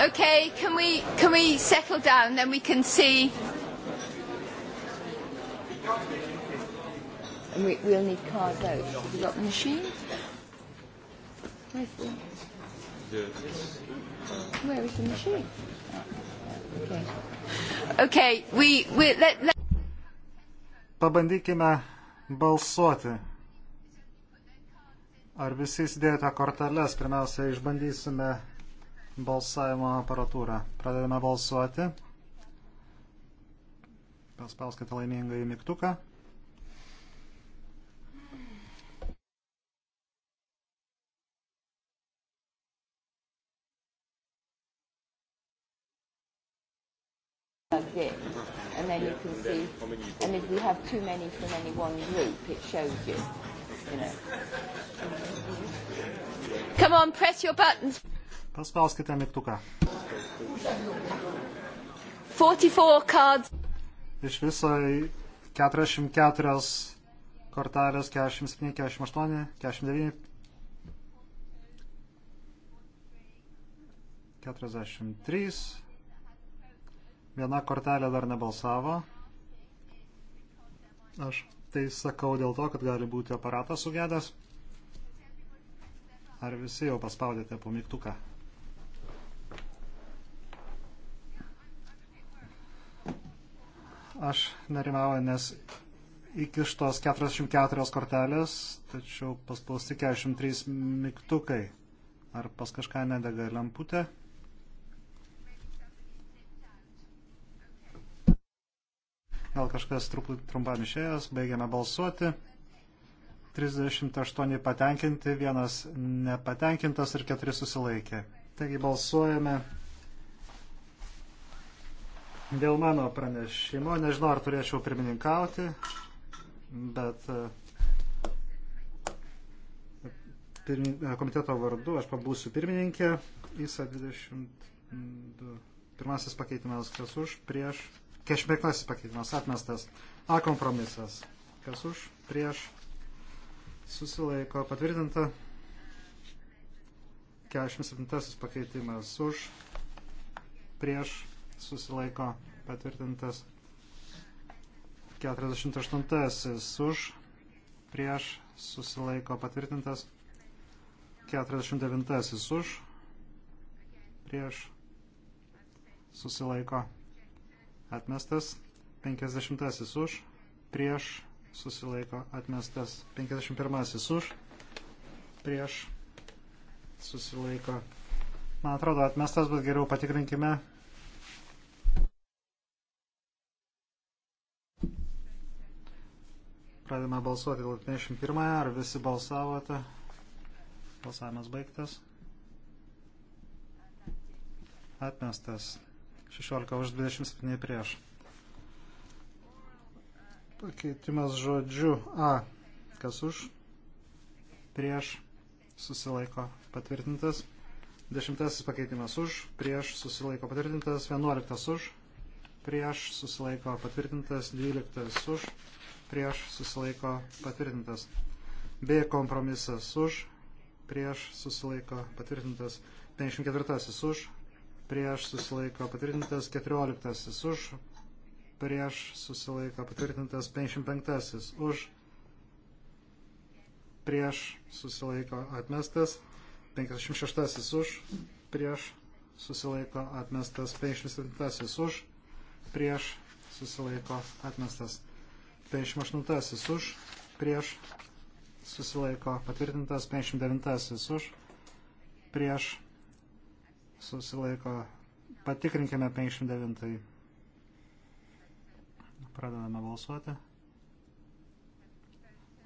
Okay, can we can we settle down then we can see and we, we'll need cards out. Have you got the machine? Where's the Where is the machine? Okay. Okay, we, we let, let... Pabandykime balsuoti. Ar visi įsidėjote korteles? Pirmiausia, išbandysime balsavimo aparatūrą. Pradedame balsuoti. Paspauskite laimingąjį mygtuką. then yeah, you can then see. How many and if we have too many from any one group, it shows you. you know. Come on, press your buttons. Paspauskite mygtuką. 44 cards. Iš viso 44 kortelės 47, 48, 49, 43. Viena kortelė dar nebalsavo. Aš tai sakau dėl to, kad gali būti aparatas sugedęs. Ar visi jau paspaudėte po mygtuką? Aš nerimauju, nes įkištos 44 kortelės, tačiau paspausti 43 mygtukai. Ar pas kažką nedega lemputė? Gal kažkas trumpam išėjęs, baigiame balsuoti. 38 patenkinti, vienas nepatenkintas ir keturi susilaikė. Taigi balsuojame dėl mano pranešimo. Nežinau, ar turėčiau pirmininkauti, bet e, e, komiteto vardu aš pabūsiu pirmininkė. ISA 22. Pirmasis pakeitimas, kas už, prieš, Kešmirkasis pakeitimas atmestas. A kompromisas. Kas už, prieš, susilaiko patvirtinta. 47 pakeitimas už, prieš, susilaiko patvirtintas. 48 už, prieš, susilaiko patvirtintas. 49 už, prieš, susilaiko patvirtintas atmestas, 50 už, prieš susilaiko atmestas, 51 už, prieš susilaiko. Man atrodo atmestas, bet geriau patikrinkime. Pradėme balsuoti dėl 51, ar visi balsavote. Balsavimas baigtas. Atmestas. 16 už 27 prieš. Pakeitimas žodžiu A. Kas už? Prieš susilaiko patvirtintas. Dešimtasis pakeitimas už, prieš susilaiko patvirtintas. Vienuoliktas už, prieš susilaiko patvirtintas. Dvyliktas už, prieš susilaiko patvirtintas. B kompromisas už, prieš susilaiko patvirtintas. 54 už, prieš susilaiko patvirtintas 14 už, prieš susilaiko patvirtintas 55 už, prieš susilaiko atmestas 56 už, prieš susilaiko atmestas 57 už, prieš susilaiko atmestas 58 už, prieš susilaiko patvirtintas 59 už, prieš susilaiko. Patikrinkime 59. Pradedame balsuoti.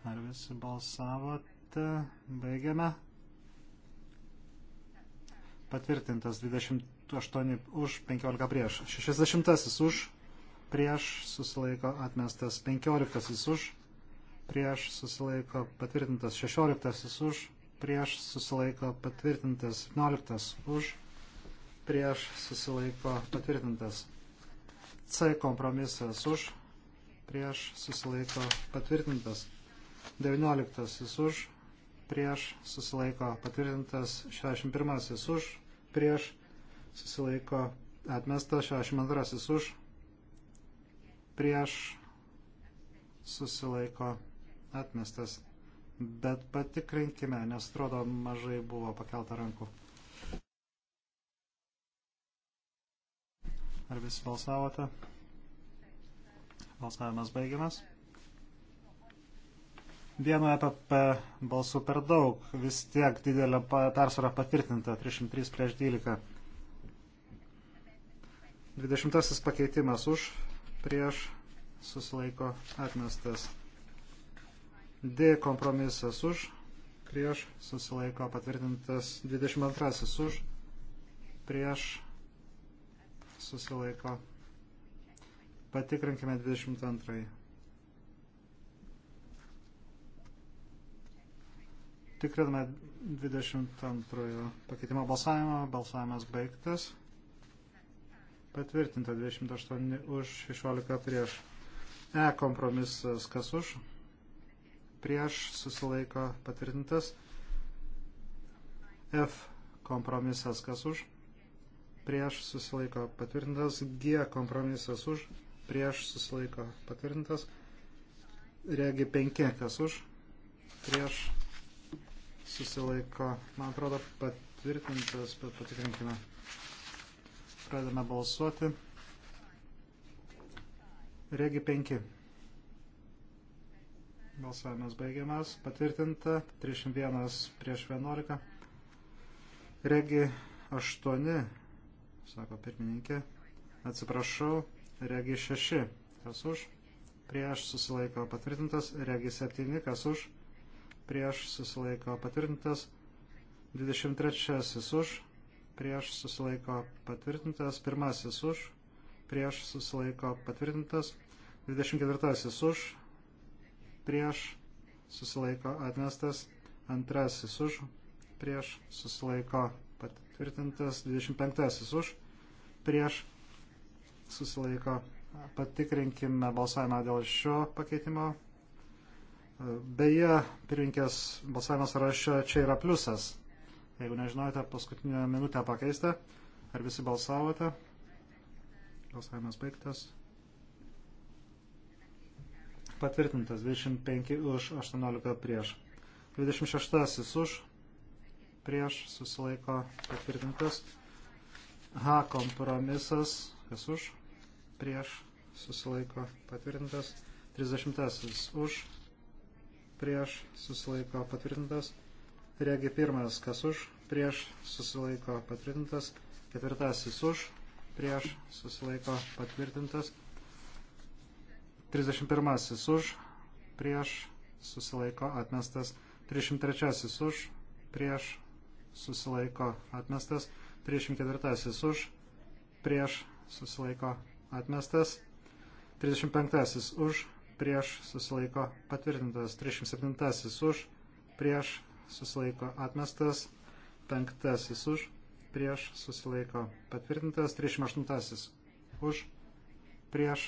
Ar visi balsavote? Baigiame. Patvirtintas 28 už, 15 prieš. 60 už, prieš susilaiko atmestas 15 už, prieš susilaiko patvirtintas 16 už, prieš susilaiko patvirtintas 17 už prieš susilaiko patvirtintas. C kompromisas už prieš susilaiko patvirtintas. 19 už prieš susilaiko patvirtintas. 61 už prieš susilaiko atmestas. 62 už prieš susilaiko atmestas. Bet patikrinkime, nes atrodo mažai buvo pakelta rankų. Ar visi balsavote? Balsavimas baigiamas. Vieno EPP balsų per daug, vis tiek didelė persvara patvirtinta, 303 prieš 12. 20 pakeitimas už, prieš, susilaiko atmestas. D kompromisas už, prieš, susilaiko patvirtintas 22 už, prieš, susilaiko. Patikrinkime 22. Tikriname 22 pakeitimo balsavimą. Balsavimas baigtas. Patvirtinta 28 už 16 prieš. E kompromisas kas už. Prieš susilaiko patvirtintas. F kompromisas kas už prieš susilaiko patvirtintas, G kompromisas už, prieš susilaiko patvirtintas, regi 5 kas už, prieš susilaiko, man atrodo, patvirtintas, bet patikrinkime. Pradame balsuoti. Regi 5. Balsavimas baigiamas, patvirtinta, 301 prieš 11. Regi 8 sako pirmininkė. Atsiprašau, regi 6, kas už, prieš susilaiko patvirtintas, regi 7, kas už, prieš susilaiko patvirtintas, 23 už, prieš susilaiko patvirtintas, 1 už, prieš susilaiko patvirtintas, 24 už, prieš susilaiko atmestas, 2 už, prieš susilaiko patvirtintas patvirtintas 25 už, prieš susilaiko. Patikrinkime balsavimą dėl šio pakeitimo. Beje, pirinkės balsavimas rašė, čia yra pliusas. Jeigu nežinote, paskutinę minutę pakeistą. Ar visi balsavote? Balsavimas baigtas. Patvirtintas 25 už 18 prieš. 26 už prieš susilaiko patvirtintas. H kompromisas, kas už, prieš susilaiko patvirtintas. 30 už, prieš susilaiko patvirtintas. Regi pirmas, kas už, prieš susilaiko patvirtintas. Ketvirtasis už, prieš susilaiko patvirtintas. 31 už, prieš susilaiko atmestas. 33 už, prieš susilaiko atmestas, 34 už, prieš susilaiko atmestas, 35 už, prieš susilaiko patvirtintas, 37 už, prieš susilaiko atmestas, 5 už, prieš susilaiko patvirtintas, 38 už, prieš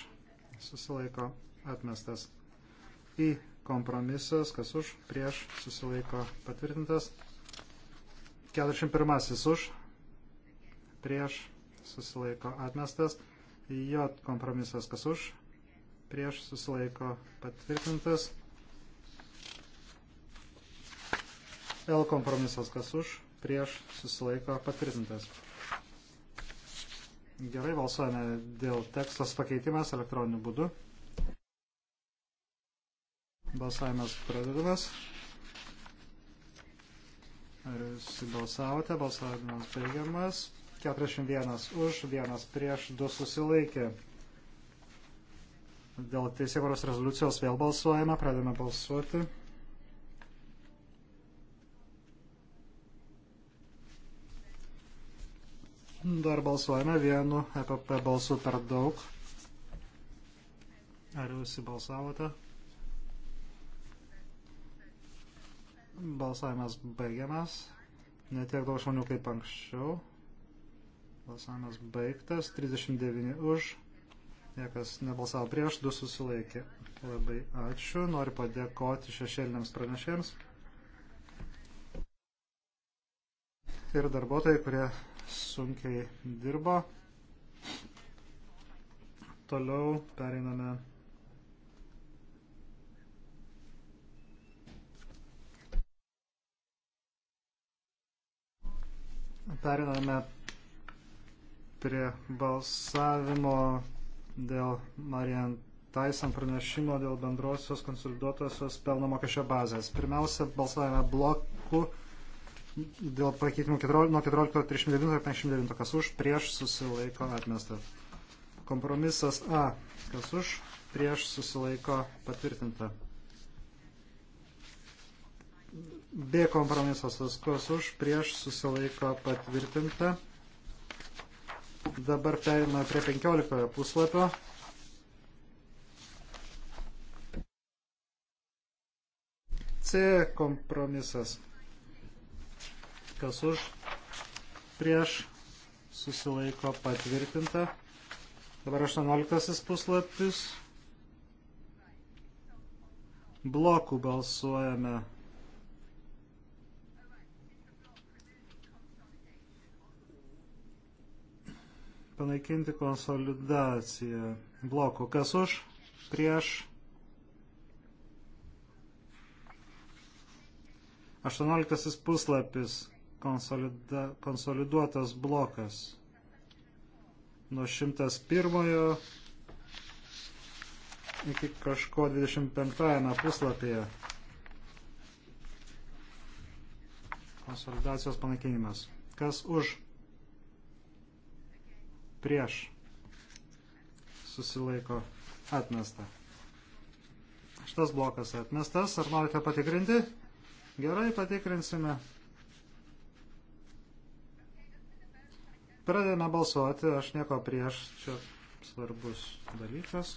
susilaiko atmestas. Į kompromisas, kas už, prieš susilaiko patvirtintas, 41 už, prieš, susilaiko atmestas, J kompromisas kas už, prieš, susilaiko patvirtintas, L kompromisas kas už, prieš, susilaiko patvirtintas. Gerai, balsuojame dėl tekstos pakeitimas elektroniniu būdu. Balsavimas pradedamas. Ar jūs balsavote? Balsavimas baigiamas. 41 už, 1 prieš, 2 susilaikė. Dėl teisėvaros rezoliucijos vėl balsuojame, pradėme balsuoti. Dar balsuojame vienu EPP balsu per daug. Ar jūs įbalsavote? Balsavimas baigiamas. Netiek daug žmonių kaip anksčiau. Balsavimas baigtas. 39 už. Niekas nebalsavo prieš, du susilaikė. Labai ačiū. Noriu padėkoti šešėliniams pranešėjams. Ir darbuotojai, kurie sunkiai dirbo. Toliau pereiname periname prie balsavimo dėl Marian Tyson pranešimo dėl bendrosios konsoliduotosios pelno mokesčio bazės. Pirmiausia, balsavime bloku dėl pakeitimų 14, nuo 14.39.59, kas už, prieš susilaiko atmesta. Kompromisas A, kas už, prieš susilaiko patvirtinta. B kompromisas kas už, prieš susilaiko patvirtinta. Dabar perėmame prie 15 puslapio. C kompromisas. Kas už, prieš susilaiko patvirtinta. Dabar 18 puslapis. Blokų balsuojame panaikinti konsolidaciją blokų. Kas už, prieš 18 puslapis konsolida, konsoliduotas blokas nuo 101 iki kažko 25 puslapyje. Konsolidacijos panaikinimas. Kas už? prieš susilaiko atmesta. Šitas blokas atmestas. Ar norite patikrinti? Gerai, patikrinsime. Pradėjome balsuoti, aš nieko prieš, čia svarbus dalykas.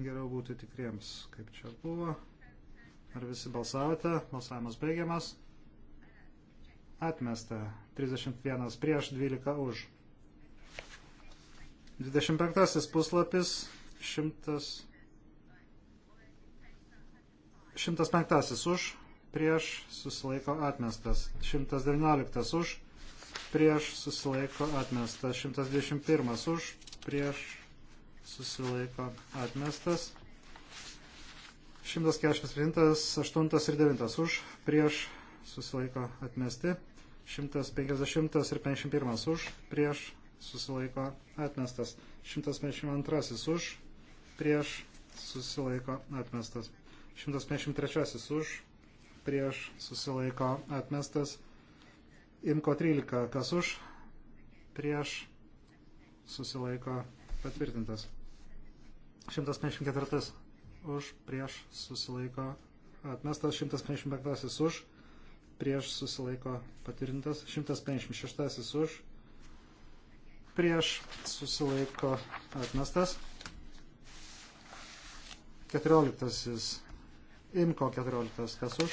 Geriau būti tikriems, kaip čia buvo. Ar visi balsavote? Balsavimas baigiamas atmesta. 31 prieš 12 už. 25 puslapis 100. 105 už, prieš susilaiko atmestas. 119 už, prieš susilaiko atmestas. 121 už, prieš susilaiko atmestas. 147, 8 ir 9 už, prieš susilaiko atmesti. 150 ir 51 už, prieš susilaiko atmestas. 152 už, prieš susilaiko atmestas. 153 už, prieš susilaiko atmestas. Imko 13 kas už, prieš susilaiko patvirtintas. 154 už, prieš susilaiko atmestas. 155 už, prieš susilaiko patvirtintas, 156 už, prieš susilaiko atmestas, 14 imko 14 kas už,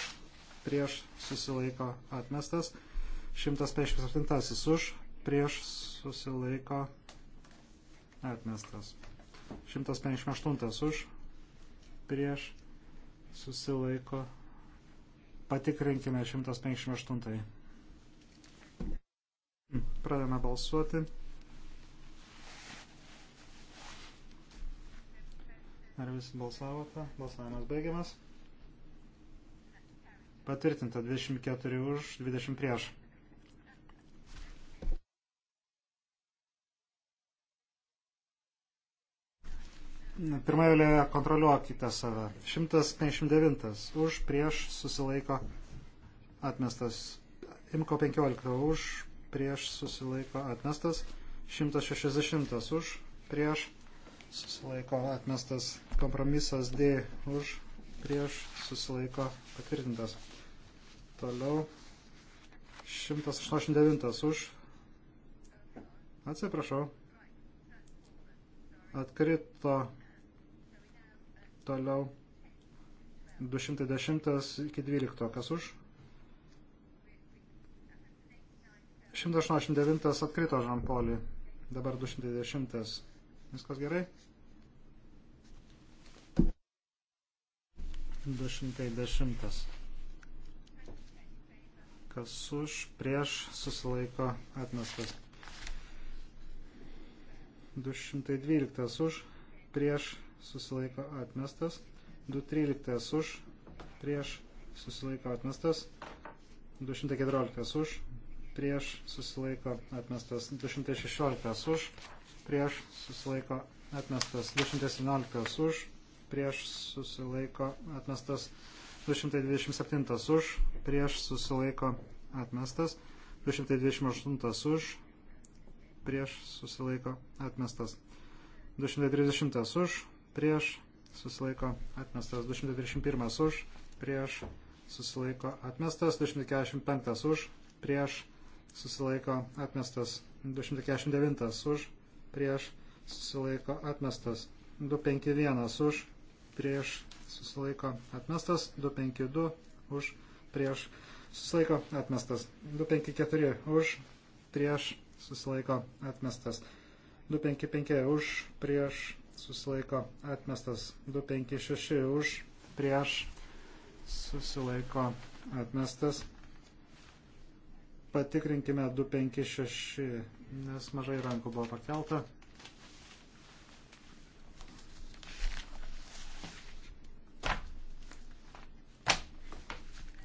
prieš susilaiko atmestas, 157 už, prieš susilaiko atmestas, 158 už, prieš susilaiko atmestas Patikrinkime 158. Pradame balsuoti. Ar visi balsavote? Balsavimas baigiamas. Patvirtinta 24 už, 20 prieš. Pirmoje eilėje kontroliuokite save. 159 už, prieš, susilaiko, atmestas. Imko 15 už, prieš, susilaiko, atmestas. 160 už, prieš, susilaiko, atmestas. Kompromisas D už, prieš, susilaiko, patvirtintas. Toliau 189 už. Atsiprašau. Atkrito Toliau 210 iki 12, kas už? 189 atkrito Žampolį, dabar 210. Viskas gerai? 210. Kas už, prieš, susilaiko atmestas. 212 už, prieš, susilaiko atmestas, 213 už, prieš susilaiko atmestas, 214 už, prieš susilaiko atmestas, 216 už, prieš susilaiko atmestas, 217 už, prieš susilaiko atmestas, 227 už, prieš susilaiko atmestas, 228 už, prieš susilaiko atmestas, 230 už, prieš susilaiko atmestas 221 už, prieš susilaiko atmestas 245 už, prieš susilaiko atmestas 249 už, prieš susilaiko atmestas 251 už, prieš susilaiko atmestas 252 už, prieš susilaiko atmestas 254 už, prieš susilaiko atmestas 255 už, prieš susilaiko atmestas 256 už, prieš susilaiko atmestas. Patikrinkime 256, nes mažai rankų buvo pakelta.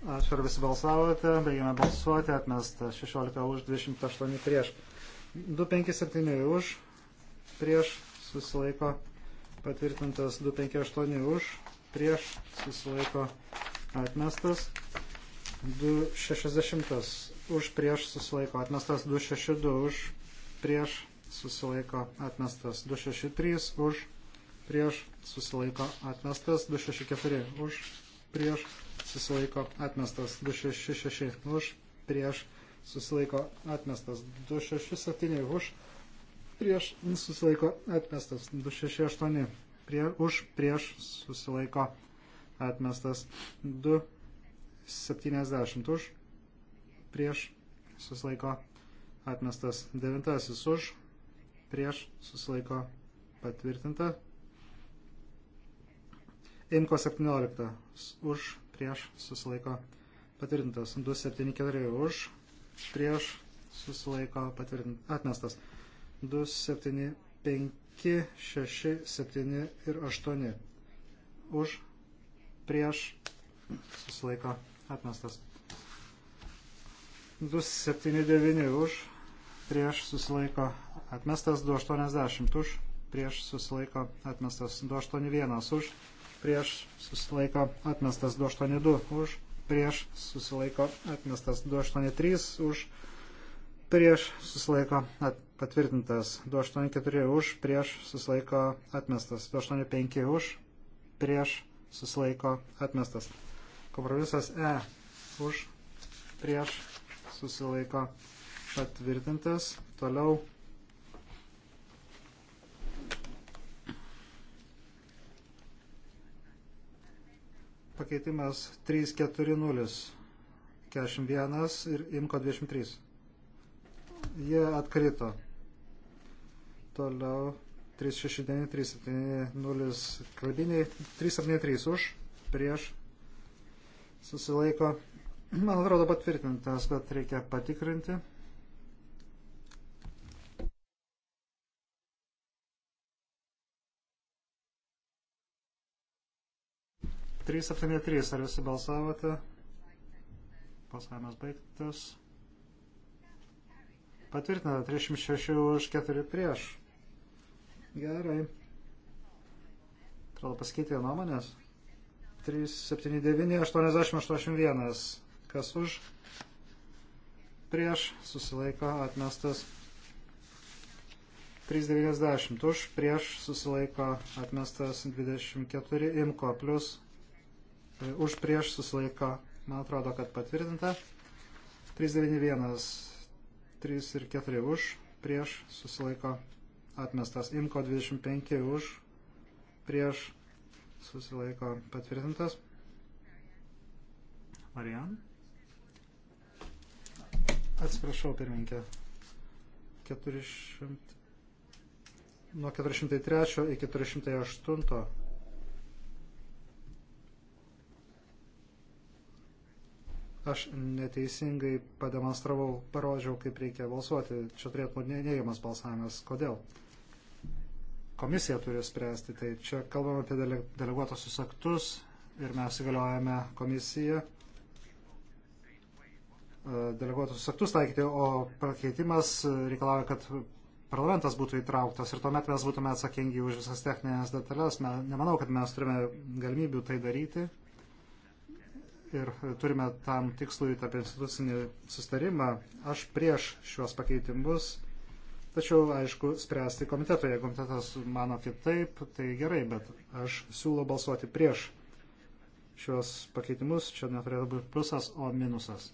Ačiū ir visi balsavote, baigėme balsuoti, atmestas 16 už, 28 prieš. 257 už, prieš susilaiko patvirtintas 258 už, prieš susilaiko atmestas 260 už, prieš susilaiko atmestas 262 už, prieš susilaiko atmestas 263 už, prieš susilaiko atmestas 264 už, prieš susilaiko atmestas 266 už, prieš susilaiko atmestas 267 už, prieš susilaiko atmestas. 268 prie, už prieš susilaiko atmestas. 270 už prieš susilaiko atmestas. 9 už prieš susilaiko patvirtinta. Imko 17 už prieš susilaiko patvirtintas. 274 už prieš susilaiko patvirtintas. Atmestas. 2, 7, 5, 6, 7 ir 8. Už, prieš, susilaiko atmestas. 279 už, prieš susilaiko atmestas 280 už, prieš susilaiko atmestas 281 už, prieš susilaiko atmestas 282 už, prieš susilaiko atmestas 283 už, prieš susilaiko patvirtintas, 284 už, prieš susilaiko atmestas, 285 už, prieš susilaiko atmestas. Kompromisas E už, prieš susilaiko patvirtintas, toliau. Pakeitimas 340, 41 ir imko 23 jie atkrito. Toliau 369, 370 kalbiniai, 373 už, prieš susilaiko. Man atrodo patvirtintas, bet reikia patikrinti. Trys, septyni, trys. Ar visi balsavote? Pasavimas baigtas. Patvirtina 36 už 4 prieš. Gerai. Atrodo pasikeitė nuomonės. 379, 80, 81. Kas už? Prieš susilaiko atmestas. 390 už, prieš susilaiko atmestas 24 imko plus, už prieš susilaiko, man atrodo, kad patvirtinta. 391 3 ir 4 už, prieš susilaiko atmestas. Imko 25 už, prieš susilaiko patvirtintas. Marijan. Atsiprašau, pirminkė. 400, nuo 403 iki 408 aš neteisingai pademonstravau, parodžiau, kaip reikia balsuoti. Čia turėtų būti neįgiamas balsavimas. Kodėl? Komisija turi spręsti. Tai čia kalbame apie dele, deleguotosius aktus ir mes įgaliojame komisiją e, deleguotus aktus taikyti, o pakeitimas reikalauja, kad parlamentas būtų įtrauktas ir tuomet mes būtume atsakingi už visas techninės detalės. Nemanau, kad mes turime galimybių tai daryti ir turime tam tikslui tą institucinį sustarimą. Aš prieš šiuos pakeitimus, tačiau, aišku, spręsti komiteto. Jeigu komitetas mano kitaip, tai gerai, bet aš siūlau balsuoti prieš šiuos pakeitimus. Čia neturėtų būti pliusas, o minusas.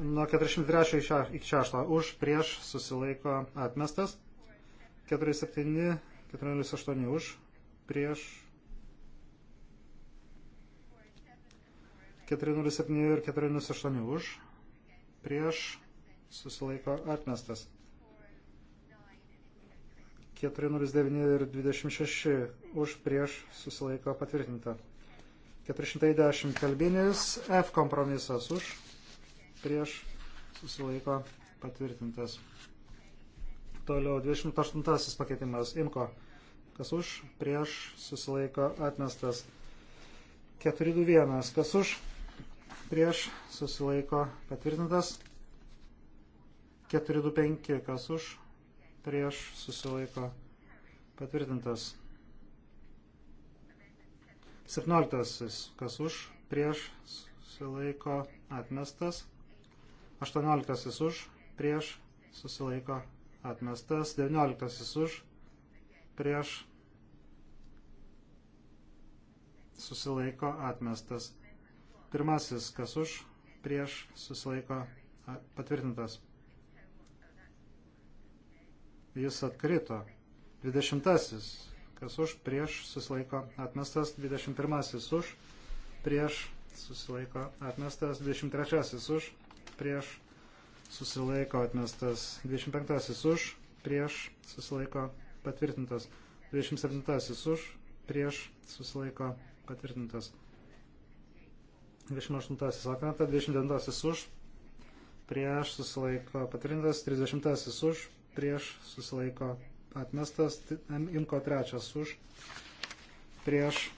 Nuo 43 iki 6 už, prieš susilaiko atmestas. 47, 48 už, prieš 407 ir 408 už, prieš susilaiko atmestas. 409 ir 26 už prieš susilaiko patvirtinta. 410 kalbinis F kompromisas už prieš susilaiko patvirtintas. Toliau 28 pakeitimas Imko. Kas už, prieš susilaiko atmestas. 421. Kas už, prieš susilaiko patvirtintas. 425. Kas už, prieš susilaiko patvirtintas. 17. Kas už, prieš susilaiko atmestas. 18 už, prieš, susilaiko, atmestas. 19 už, prieš, susilaiko, atmestas. Pirmasis, kas už, prieš, susilaiko, patvirtintas. Jis atkrito. 20. Kas už, prieš, susilaiko, atmestas. 21. Už, prieš, susilaiko, atmestas. 23. Už, prieš susilaiko atmestas. 25 už prieš susilaiko patvirtintas. 27 už prieš susilaiko patvirtintas. 28 atkrenta, 29 už prieš susilaiko patvirtintas, 30 už prieš susilaiko atmestas, imko trečias už, prieš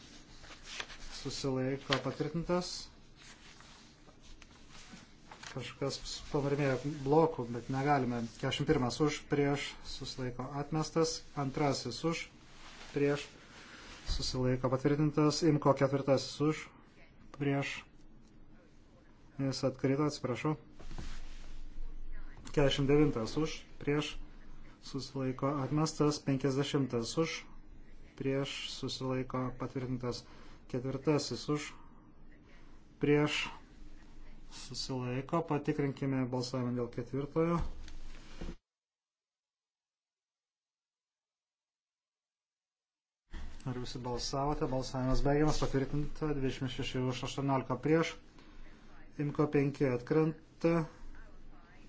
susilaiko patvirtintas, kažkas pavarmėjo blokų, bet negalime. 41 už, prieš, susilaiko atmestas, antrasis už, prieš, susilaiko patvirtintas, imko ketvirtasis už, prieš, jis atkrito, atsiprašau. 49 už, prieš, susilaiko atmestas, 50 už, prieš, susilaiko patvirtintas, ketvirtasis už, prieš, susilaiko. Patikrinkime balsavimą dėl ketvirtojo. Ar visi balsavote? Balsavimas baigiamas, patvirtinta 26 už 18 prieš. Imko 5 atkrenta.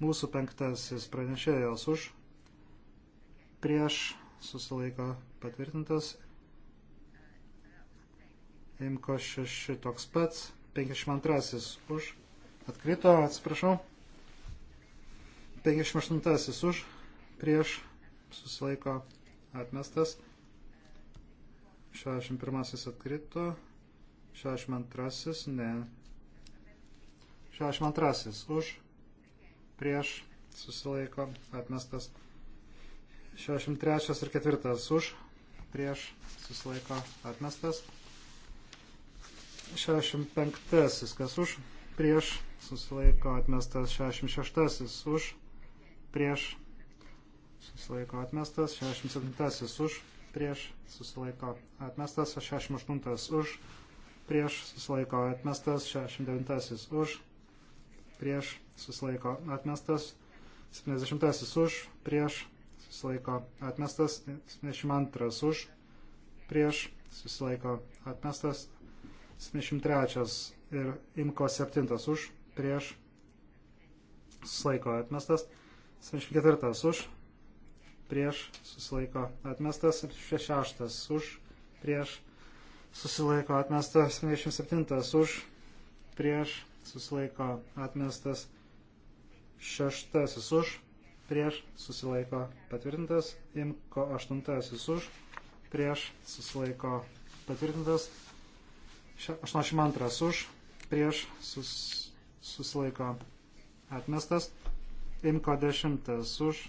Mūsų penktasis pranešėjos už. Prieš susilaiko patvirtintas. Imko 6 toks pats. 52 už Atkrito, atsiprašau. 58 už, prieš, susilaiko, atmestas. 61 atkrito. 62, ne. 62 už, prieš, susilaiko, atmestas. 63 ir 4 už, prieš, susilaiko, atmestas. 65 kas už, prieš susilaiko atmestas 66 už, prieš susilaiko atmestas 67 už, prieš susilaiko atmestas 68 už, prieš susilaiko atmestas 69 už, prieš susilaiko atmestas 70 už, prieš susilaiko atmestas 72 už, prieš susilaiko atmestas 73 ir imko 7 už, prieš, susilaiko atmestas, 74 už, prieš, susilaiko atmestas, 76 už, prieš, susilaiko atmestas, 77 už, prieš, susilaiko atmestas, 6 už, prieš, susilaiko patvirtintas, imko 8 už, prieš, susilaiko patvirtintas, 82 už, prieš sus, susilaiko atmestas. Imko 10 už,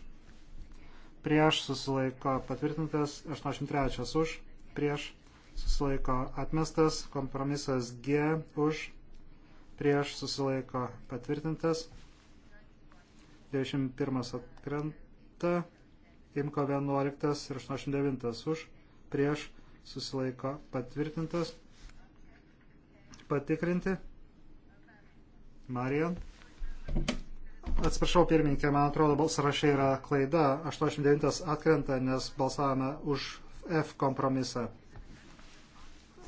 prieš susilaiko patvirtintas. 83 už, prieš susilaiko atmestas. Kompromisas G už, prieš susilaiko patvirtintas. 91 atkrenta. Imko 11 ir 89 už, prieš susilaiko patvirtintas patikrinti. Marijan. Atsiprašau, pirmininkė, man atrodo, balsarašė yra klaida. 89 atkrenta, nes balsavome už F kompromisą.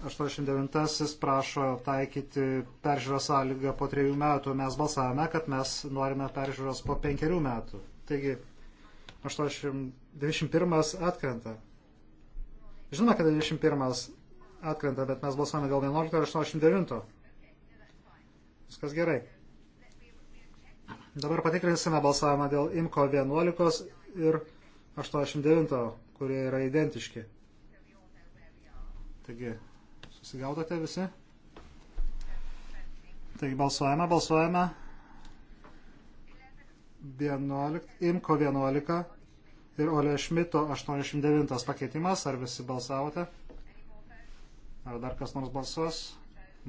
89 prašo taikyti peržiūros sąlygą po trejų metų. Mes balsavome, kad mes norime peržiūros po penkerių metų. Taigi, 81 atkrenta. Žinoma, kad 21 atkrenta, bet mes balsuojame dėl 11 ir 89. Viskas gerai. Dabar patikrinsime balsavimą dėl IMCO 11 ir 89, kurie yra identiški. Taigi, susigaudote visi? Taigi, balsuojame, balsuojame. 11, IMCO 11 ir Olio Šmito 89 pakeitimas. Ar visi balsavote? Ar dar kas nors balsuos?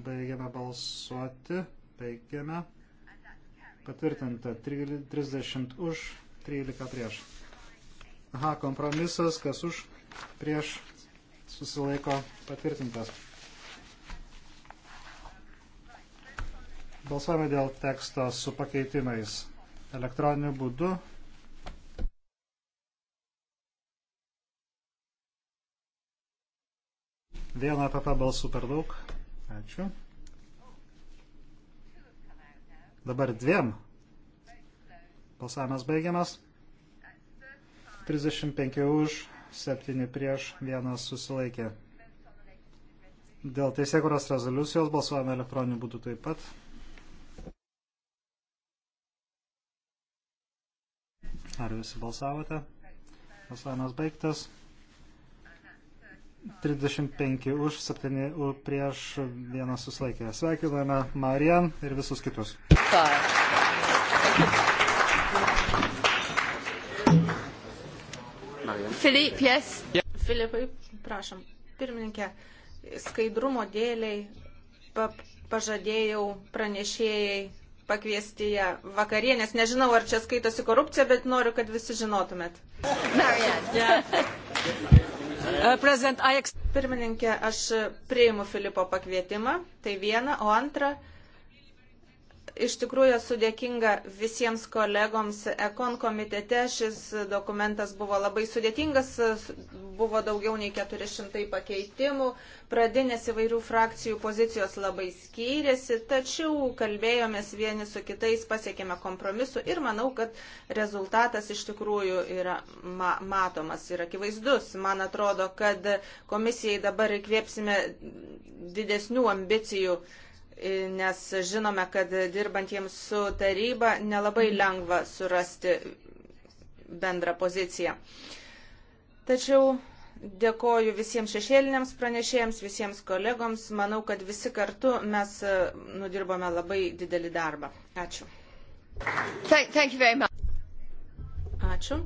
Baigiame balsuoti. Baigiame. Patvirtinta 30 už, 13 prieš. Aha, kompromisas, kas už, prieš, susilaiko patvirtintas. Balsuojame dėl teksto su pakeitimais elektroniniu būdu Vieną PP balsų per daug. Ačiū. Dabar dviem. Balsavimas baigiamas. 35 už, 7 prieš, 1 susilaikė. Dėl teisėkuros rezoliucijos balsuojame elektroniniu būdu taip pat. Ar visi balsavote? Balsavimas baigtas. 35 už, 7 prieš, vienas susilaikė. Sveikiname Marian ir visus kitus. Filip, yes. Filipai, prašom. Pirmininkė, skaidrumo dėliai pa pažadėjau pranešėjai pakviesti ją vakarienės. Nežinau, ar čia skaitosi korupcija, bet noriu, kad visi žinotumėt. Marian, yeah. Uh, Pirmininkė, aš prieimu Filipo pakvietimą, tai viena, o antra, Iš tikrųjų esu dėkinga visiems kolegoms. Ekon komitete šis dokumentas buvo labai sudėtingas, buvo daugiau nei 400 pakeitimų, pradinės įvairių frakcijų pozicijos labai skyrėsi, tačiau kalbėjomės vieni su kitais, pasiekėme kompromisu ir manau, kad rezultatas iš tikrųjų yra ma matomas ir akivaizdus. Man atrodo, kad komisijai dabar įkvėpsime didesnių ambicijų nes žinome, kad dirbantiems su taryba nelabai lengva surasti bendrą poziciją. Tačiau dėkoju visiems šešėliniams pranešėjams, visiems kolegoms. Manau, kad visi kartu mes e, nudirbome labai didelį darbą. Ačiū. Thank, thank Ačiū.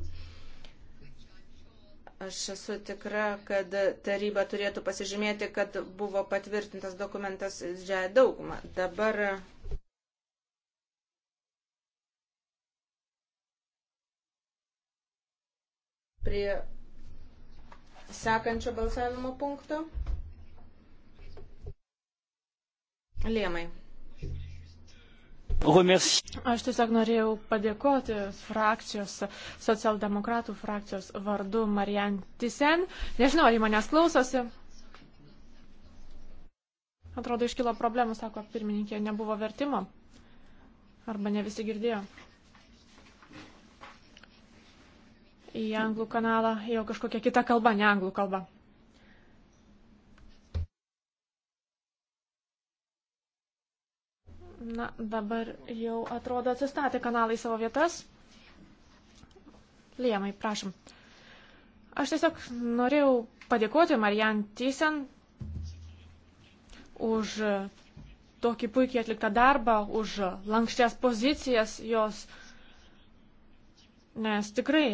Aš esu tikra, kad taryba turėtų pasižymėti, kad buvo patvirtintas dokumentas didžiąją daugumą. Dabar prie sekančio balsavimo punkto. Lėmai. Aš tiesiog norėjau padėkoti frakcijos, socialdemokratų frakcijos vardu Marian Tisen. Nežinau, ar jį manęs klausosi. Atrodo, iškilo problemų, sako pirmininkė, nebuvo vertimo. Arba ne visi girdėjo. Į anglų kanalą jau kažkokia kita kalba, ne anglų kalba. Na, dabar jau atrodo atsistatė kanalai savo vietas. Liemai, prašom. Aš tiesiog norėjau padėkoti Marian Tysen už tokį puikiai atliktą darbą, už lankščias pozicijas jos, nes tikrai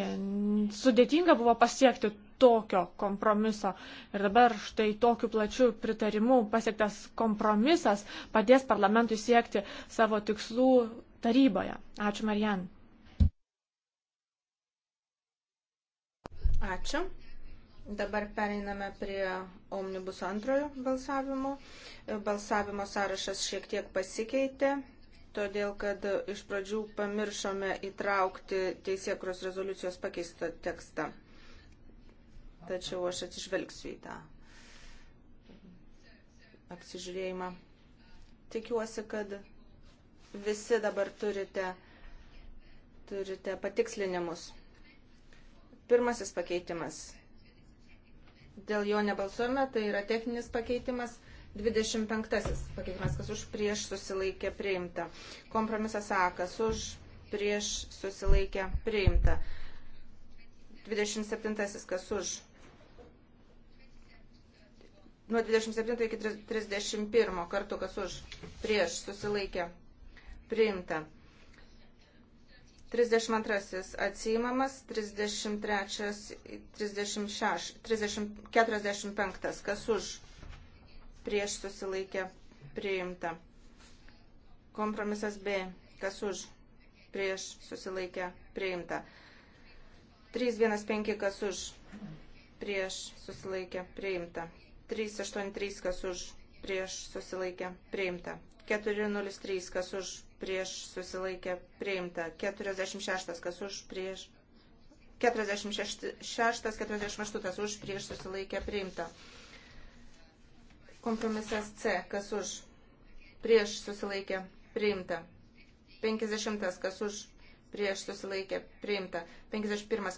sudėtinga buvo pasiekti tokio kompromiso. Ir dabar štai tokiu plačiu pritarimu pasiektas kompromisas padės parlamentui siekti savo tikslų taryboje. Ačiū, Marijan. Ačiū. Dabar pereiname prie omnibus antrojo balsavimo. Balsavimo sąrašas šiek tiek pasikeitė todėl kad iš pradžių pamiršome įtraukti teisėkros rezoliucijos pakeistą tekstą tačiau aš atsižvelgsiu į tą apsižiūrėjimą. Tikiuosi, kad visi dabar turite, turite patikslinimus. Pirmasis pakeitimas. Dėl jo nebalsuojame, tai yra techninis pakeitimas. 25 pakeitimas, kas už prieš susilaikė priimta. Kompromisas A, kas už prieš susilaikė priimta. 27 kas už nuo 27 iki 31 kartu, kas už, prieš, susilaikė, priimta. 32 atsiimamas, 33, 36, 30, 45, kas už, prieš susilaikė, priimta. Kompromisas B, kas už, prieš susilaikė, priimta. 315, kas už, prieš susilaikė, priimta. 383 kas už prieš susilaikę priimta. 403 kas už prieš susilaikę priimta. 46 kas už prieš. 46, 48 už prieš susilaikę priimta. Kompromisas C kas už prieš susilaikę priimta. 50 kas už prieš susilaikę priimta. 51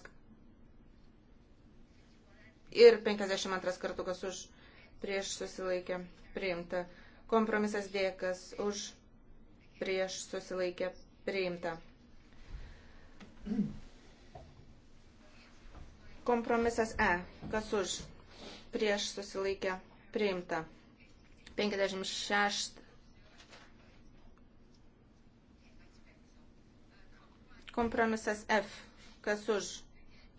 ir 52 kartu kas už prieš susilaikę priimta. Kompromisas D, kas už prieš susilaikę priimta. Kompromisas E, kas už prieš susilaikę priimta. 56 kompromisas F, kas už,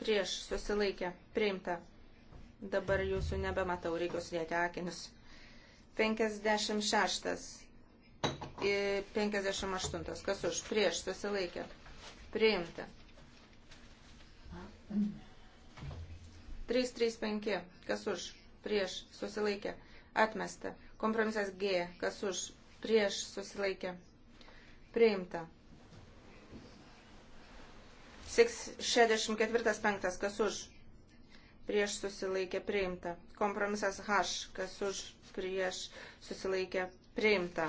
prieš, susilaikė, priimta. Dabar jūsų nebematau, reikia sudėti akinius. 56 ir 58. Kas už? Prieš susilaikė. Priimta. 335. Kas už? Prieš susilaikė. Atmesta. Kompromisas G. Kas už? Prieš susilaikė. Priimta. 64.5. Kas už? prieš susilaikė priimta. Kompromisas H, kas už prieš susilaikė priimta.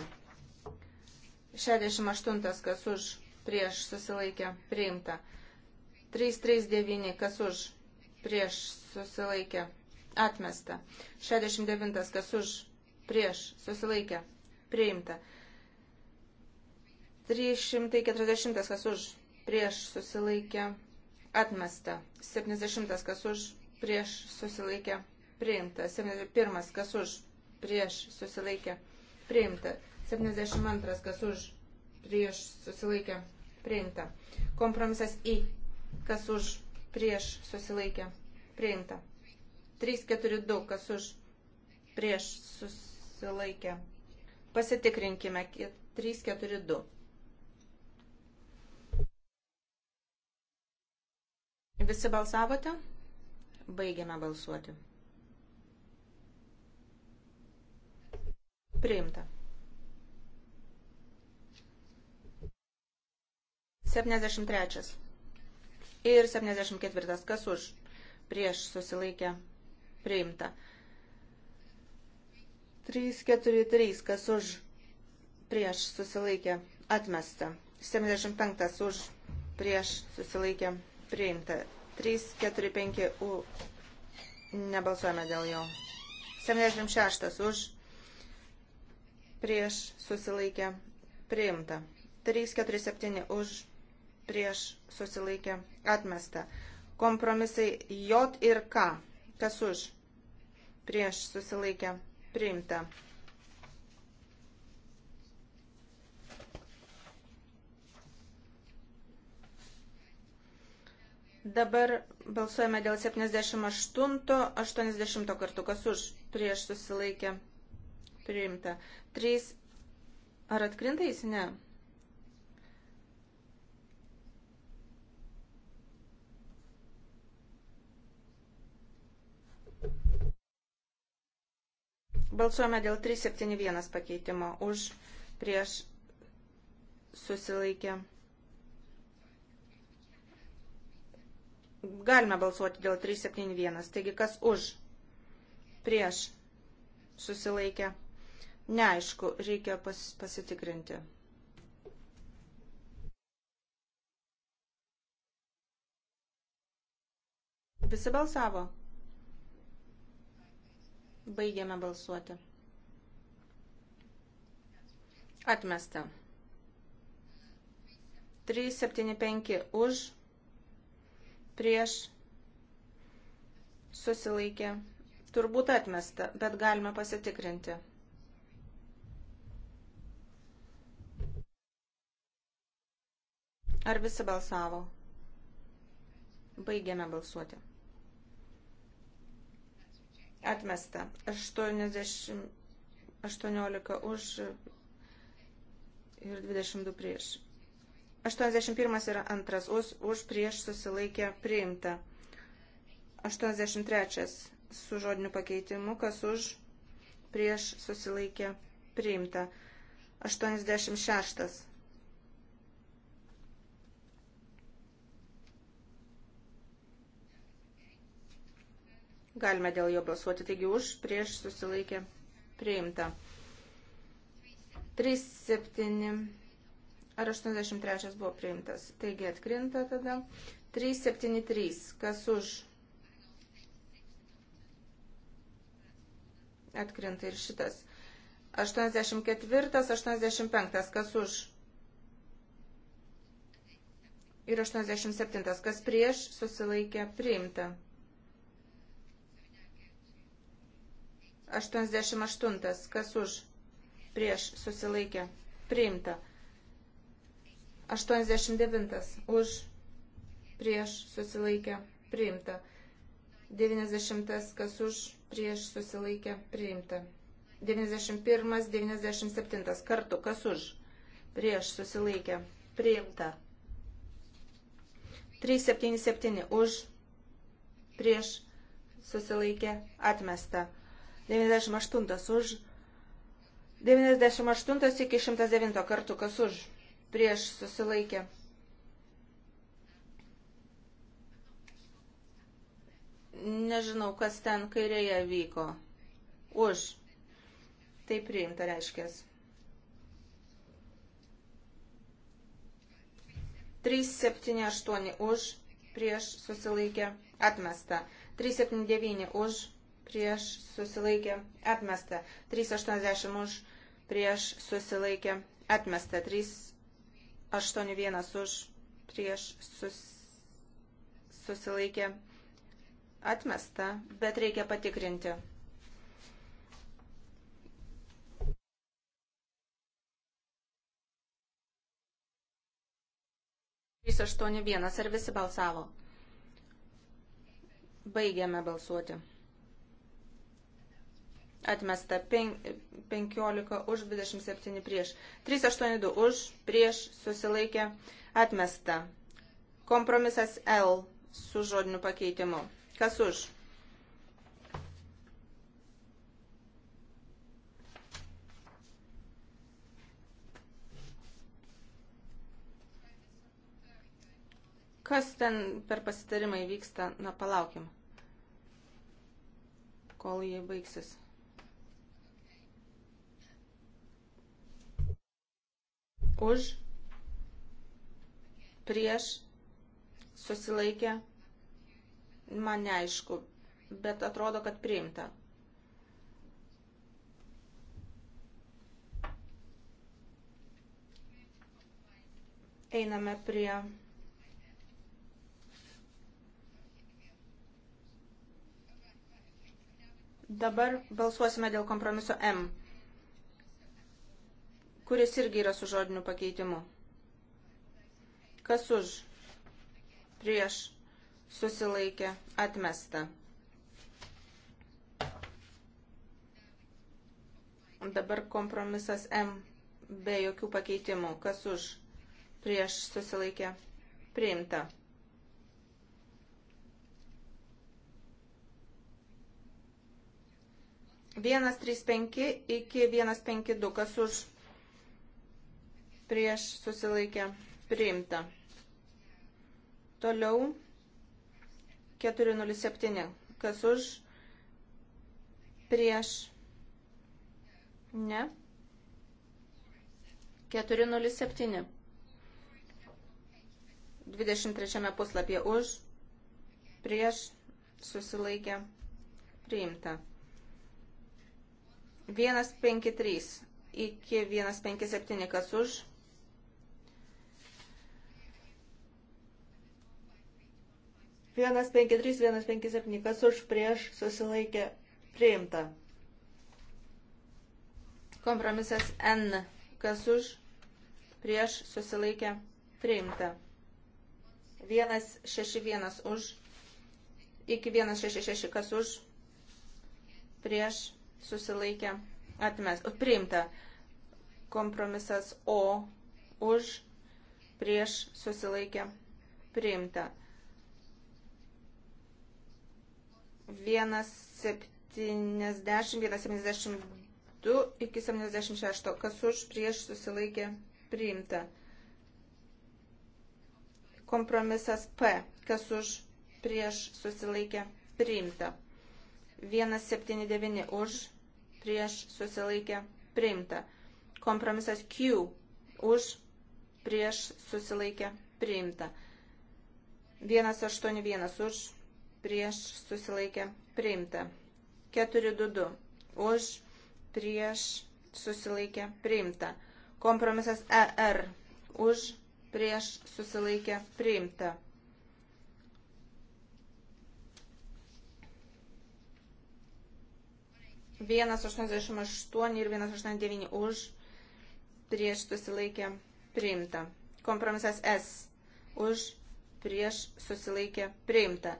68, kas už prieš susilaikė priimta. 339, kas už prieš susilaikė atmesta. 69, kas už prieš susilaikė priimta. 340, kas už prieš susilaikė atmesta. 70, kas už prieš susilaikę priimta. 71. Kas už prieš susilaikę priimta. 72. Kas už prieš susilaikę priimta. Kompromisas į. Kas už prieš susilaikę priimta. 342. Kas už prieš susilaikę. Pasitikrinkime. 342. Visi balsavote? Baigiame balsuoti. Priimta. 73. Ir 74. Kas už? Prieš susilaikę. Priimta. 343. Kas už? Prieš susilaikę. Atmesta. 75. Už. Prieš susilaikę. Priimta. 345 U. Nebalsuojame dėl jo. 76 už. Prieš susilaikė. Priimta. 347 už. Prieš susilaikė. Atmesta. Kompromisai J ir K. Kas už? Prieš susilaikė. Priimta. Dabar balsuojame dėl 78-80 kartų, kas už prieš susilaikė priimta. 3. Ar atkrinta jis? Ne. Balsuojame dėl 371 pakeitimo už prieš susilaikę. Galime balsuoti dėl 371. Taigi, kas už? Prieš. Susilaikė. Neaišku, reikia pas, pasitikrinti. Visi balsavo. Baigėme balsuoti. Atmesta. 375 už prieš susilaikė. Turbūt atmesta, bet galime pasitikrinti. Ar visi balsavo? Baigėme balsuoti. Atmesta. 80, 18 už ir 22 prieš. 81 yra antras, už, už prieš susilaikė priimta. 83 su žodiniu pakeitimu, kas už prieš susilaikė priimta. 86. Galime dėl jo balsuoti, taigi už prieš susilaikė priimta. 37 Ar 83 buvo priimtas? Taigi atkrinta tada. 373. Kas už? Atkrinta ir šitas. 84, 85. Kas už? ir 87, kas prieš susilaikė priimta. 88, kas už prieš susilaikė priimta. 89 už prieš susilaikę priimta. 90 kas už prieš susilaikę priimta. 91, 97 kartu kas už prieš susilaikę priimta. 377 už prieš susilaikę atmesta. 98 už 98 iki 109 kartų kas už prieš susilaikė. Nežinau, kas ten kairėje vyko. Už. Tai priimta reiškia. 378 už, prieš susilaikė, atmesta. 379 už, prieš susilaikė, atmesta. 380 už, prieš susilaikė, atmesta. 3 81 už prieš sus, susilaikė atmesta, bet reikia patikrinti. Trys aštuoni vienas, ar visi balsavo? Baigiame balsuoti. Atmesta 15 už 27 prieš. 382 už prieš susilaikė. Atmesta. Kompromisas L su žodiniu pakeitimu. Kas už? Kas ten per pasitarimai vyksta? Na, palaukim, kol jie baigsis. už, prieš, susilaikė, man neaišku, bet atrodo, kad priimta. Einame prie Dabar balsuosime dėl kompromiso M kuris irgi yra su žodiniu pakeitimu. Kas už? Prieš susilaikė atmesta. Dabar kompromisas M be jokių pakeitimų. Kas už? Prieš susilaikė priimta. Vienas, trys, penki iki vienas, penki, du. Kas už? prieš susilaikę priimta. Toliau 407, kas už prieš ne. 407. 23 puslapyje už prieš susilaikę priimta. 153 iki 157 kas už 153, 157, kas už prieš susilaikė priimta. Kompromisas N, kas už prieš susilaikė priimta. 161 už, iki 166, kas už prieš susilaikė atmes, priimta. Kompromisas O už prieš susilaikė priimta. 170, 172 iki 76, kas už prieš susilaikė priimta. Kompromisas P, kas už prieš susilaikė priimta. 179 už prieš susilaikė priimta. Kompromisas Q už prieš susilaikė priimta. 181 už prieš susilaikę priimta. 422 už prieš susilaikę priimta. Kompromisas ER už prieš susilaikę priimta. Vienas 88 ir 189 už prieš susilaikę priimta. Kompromisas S už prieš susilaikę priimta.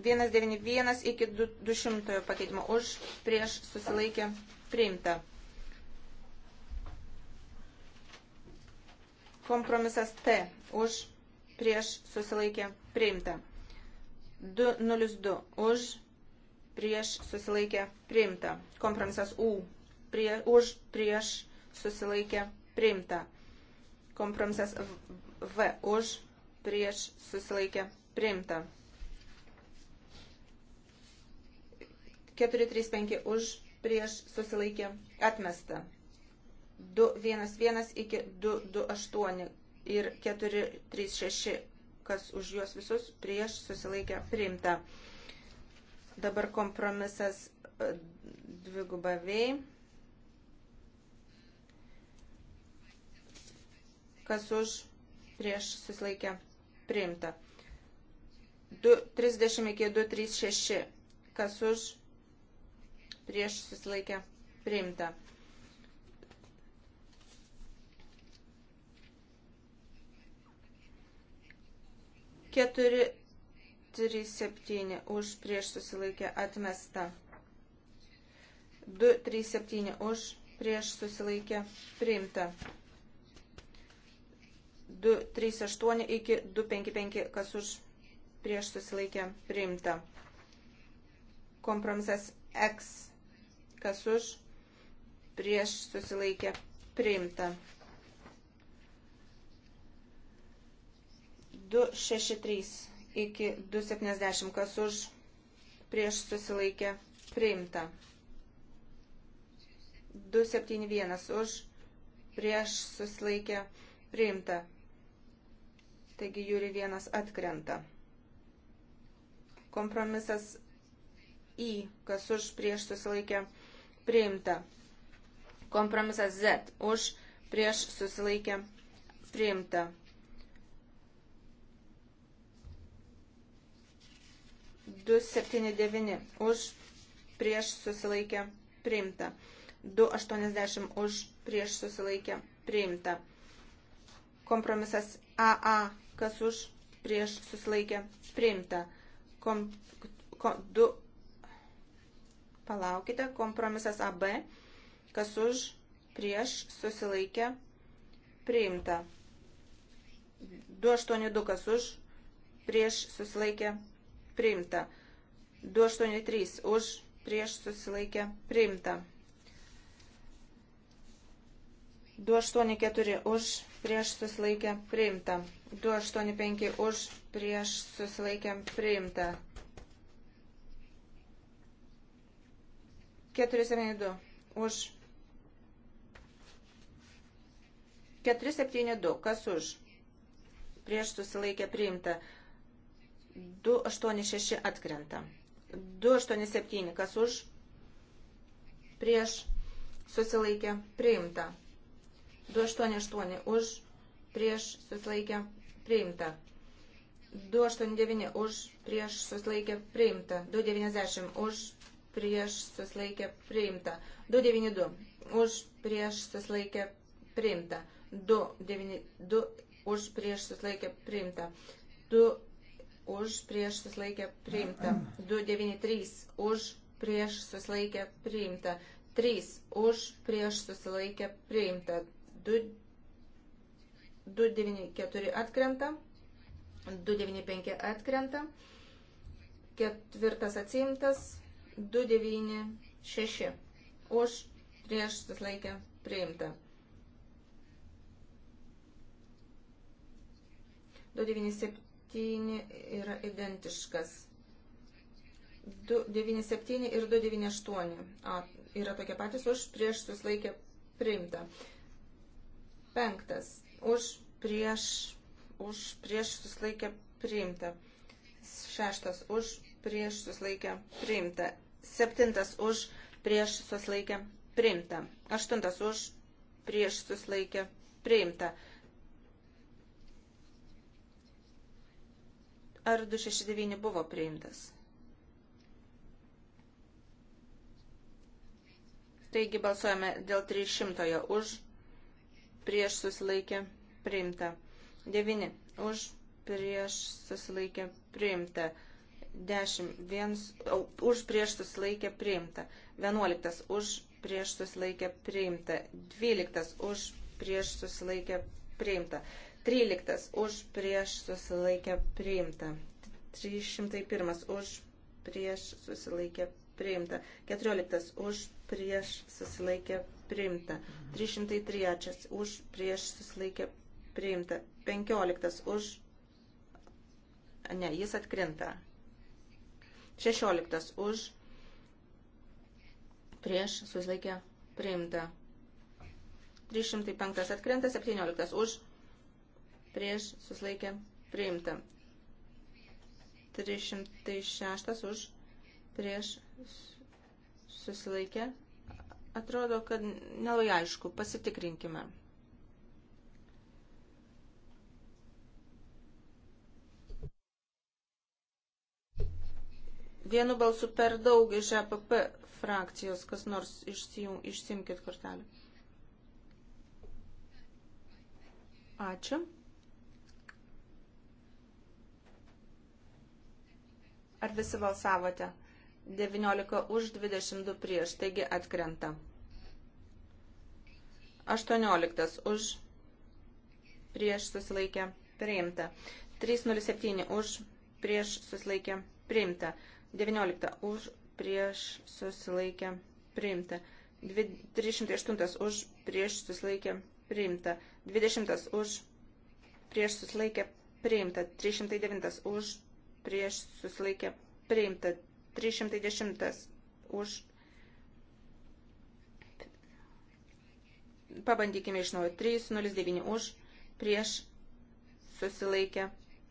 191 iki 200 pakeitimo už, prieš susilaikė priimta. Kompromisas T už, prieš susilaikė priimta. 202 už, prieš susilaikė priimta. Kompromisas U prie, už, prieš susilaikė priimta. Kompromisas V už, prieš susilaikė priimta. 435 už prieš susilaikė atmesta. 211 iki 228 ir 436, kas už juos visus prieš susilaikė priimta. Dabar kompromisas e, dvigubaviai. Kas už prieš susilaikė priimta. 230 iki 236, kas už prieš susilaikę priimta. Keturi, trys, septyni už prieš susilaikę atmesta. Du, trys, septyni už prieš susilaikę priimta. 238 iki 255, kas už prieš susilaikę priimta. Kompromisas X kas už, prieš susilaikė priimta. 263 iki 270, kas už, prieš susilaikė priimta. 271 už, prieš susilaikė priimta. Taigi jūri vienas atkrenta. Kompromisas į, kas už prieš susilaikė priimta priimta. Kompromisas Z už prieš susilaikę priimta. Du septyni devini už prieš susilaikę priimta. Du aštuoniasdešimt už prieš susilaikę priimta. Kompromisas AA kas už prieš susilaikę priimta. Kom, kom, du Palaukite, kompromisas AB, kas už, prieš, susilaikė, priimta. 282, kas už, prieš, susilaikė, priimta. 283, už, prieš, susilaikė, priimta. 284 už, prieš susilaikę priimta. 285 už, prieš susilaikę priimta. 472 už. 472 kas už. Prieš susilaikė priimta. 286 atkrenta. 287 kas už. Prieš susilaikė priimta. 288 už. Prieš susilaikė priimta. 289 už. Prieš susilaikė priimta. 290 už prieš susilaikę priimta. 292 už prieš susilaikę priimta. 292 už prieš susilaikę priimta. 2 už prieš susilaikę priimta. 293 už prieš susilaikę priimta. 3 už prieš susilaikę priimta. 294 atkrenta. 295 atkrenta. Ketvirtas atsimtas. 296 už prieš susilaikę priimta. 297 yra identiškas. 297 ir 298 A, yra tokie patys už prieš susilaikę priimta. Penktas už prieš, už prieš susilaikę priimta. Šeštas už prieš susilaikę priimta. Septintas už prieš susilaikę priimta. Aštuntas už prieš susilaikę priimta. Ar 269 buvo priimtas? Taigi balsuojame dėl 300 už prieš susilaikę priimta. 9 už prieš susilaikę priimta. 10. Viens, o, už prieš susilaikė priimta. 11. Už prieš susilaikė priimta. 12. Už prieš susilaikė priimta. 13. Už prieš susilaikė priimta. 301. Už prieš susilaikė priimta. 14. Už prieš susilaikė priimta. 303. Už prieš susilaikė priimta. 15. Už. Ne, jis atkrinta. 16 už, prieš, susilaikė, priimta. 305 atkrenta, 17 už, prieš, susilaikė, priimta. 306 už, prieš, susilaikė. Atrodo, kad nelabai aišku, pasitikrinkime. Vienu balsu per daug iš EPP frakcijos, kas nors išsijung, išsimkit kortelę. Ačiū. Ar visi balsavote? 19 už 22 prieš, taigi atkrenta. 18 už prieš susilaikę priimta. 307 už prieš susilaikę priimta. 19 už prieš susilaikę priimta. 308 už prieš susilaikę priimta. 20 už prieš susilaikę priimta. 309 už prieš susilaikę priimta. 310 už. Pabandykime iš naujo. 309 už prieš susilaikę.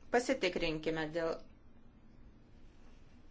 Pasitikrinkime dėl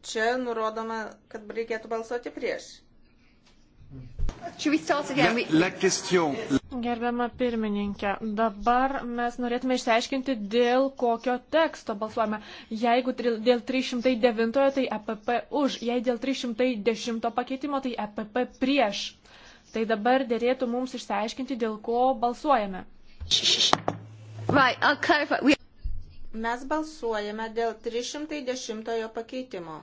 Čia nurodoma, kad reikėtų balsuoti prieš. Gerbiama pirmininkė, dabar mes norėtume išsiaiškinti, dėl kokio teksto balsuojame. Jeigu dėl 309, tai EPP už, jei dėl 310 pakeitimo, tai EPP prieš. Tai dabar dėrėtų mums išsiaiškinti, dėl ko balsuojame. Right, Mes balsuojame dėl 310 pakeitimo.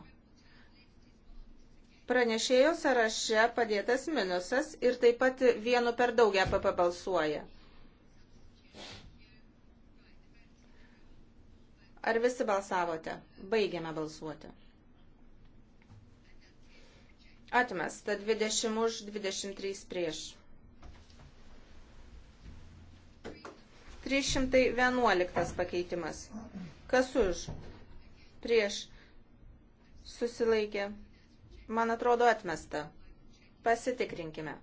Pranešėjo sąraše padėtas minusas ir taip pat vienu per daug EPP balsuoja. Ar visi balsavote? Baigiame balsuoti. Atmesta 20 už 23 prieš. 311 pakeitimas. Kas už? Prieš. Susilaikė. Man atrodo atmesta. Pasitikrinkime.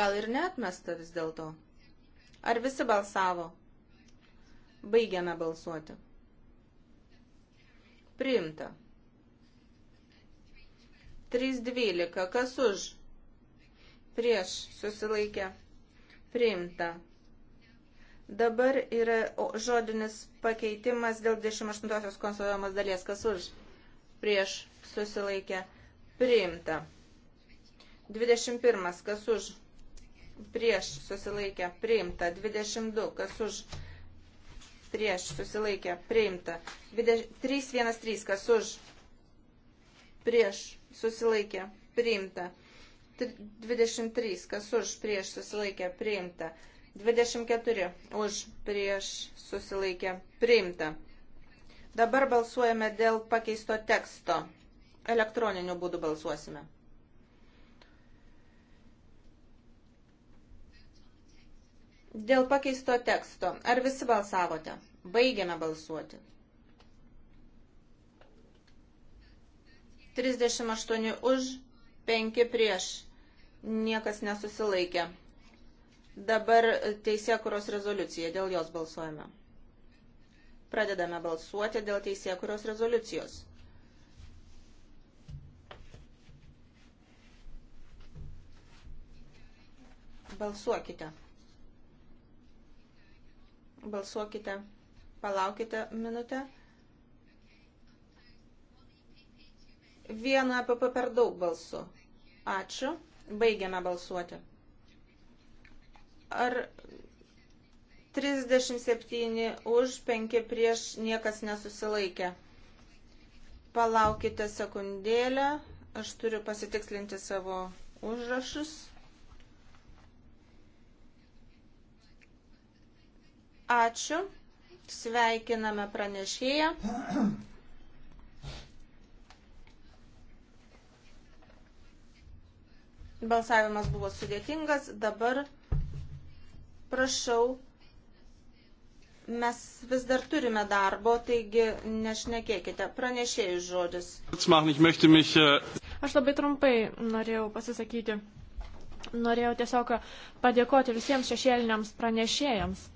Gal ir neatmesta vis dėlto. Ar visi balsavo? Baigiame balsuoti. Priimta. 3.12. Kas už? Prieš susilaikė priimta. Dabar yra žodinis pakeitimas dėl 28 konstatuojamos dalies. Kas už? Prieš susilaikė priimta. 21. Kas už? Prieš susilaikė priimta. 22. Kas už? Prieš susilaikė priimta. 313. Kas už? Prieš susilaikė, priimta. 23, kas už, prieš susilaikė, priimta. 24, už, prieš susilaikė, priimta. Dabar balsuojame dėl pakeisto teksto. Elektroniniu būdu balsuosime. Dėl pakeisto teksto. Ar visi balsavote? Baigiame balsuoti. 38 už, 5 prieš. Niekas nesusilaikė. Dabar teisėkuros rezoliucija. Dėl jos balsuojame. Pradedame balsuoti dėl teisėkuros rezoliucijos. Balsuokite. Balsuokite. Palaukite minutę. Vienu APP e per daug balsų. Ačiū. Baigiame balsuoti. Ar 37 už, 5 prieš, niekas nesusilaikė. Palaukite sekundėlę. Aš turiu pasitikslinti savo užrašus. Ačiū. Sveikiname pranešėją. Balsavimas buvo sudėtingas, dabar prašau, mes vis dar turime darbo, taigi nešnekėkite, pranešėjai žodis. Äh, Aš labai trumpai norėjau pasisakyti. Norėjau tiesiog padėkoti visiems šešėliniams pranešėjams.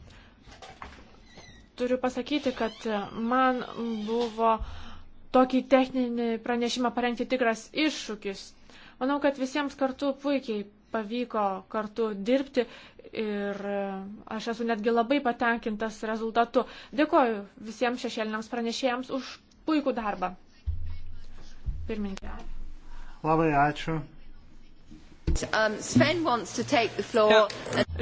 Turiu pasakyti, kad man buvo tokį techninį pranešimą parengti tikras iššūkis. Manau, kad visiems kartu puikiai pavyko kartu dirbti ir aš esu netgi labai patenkintas rezultatu. Dėkoju visiems šešėliniams pranešėjams už puikų darbą. Pirmininkė. Labai ačiū. Um,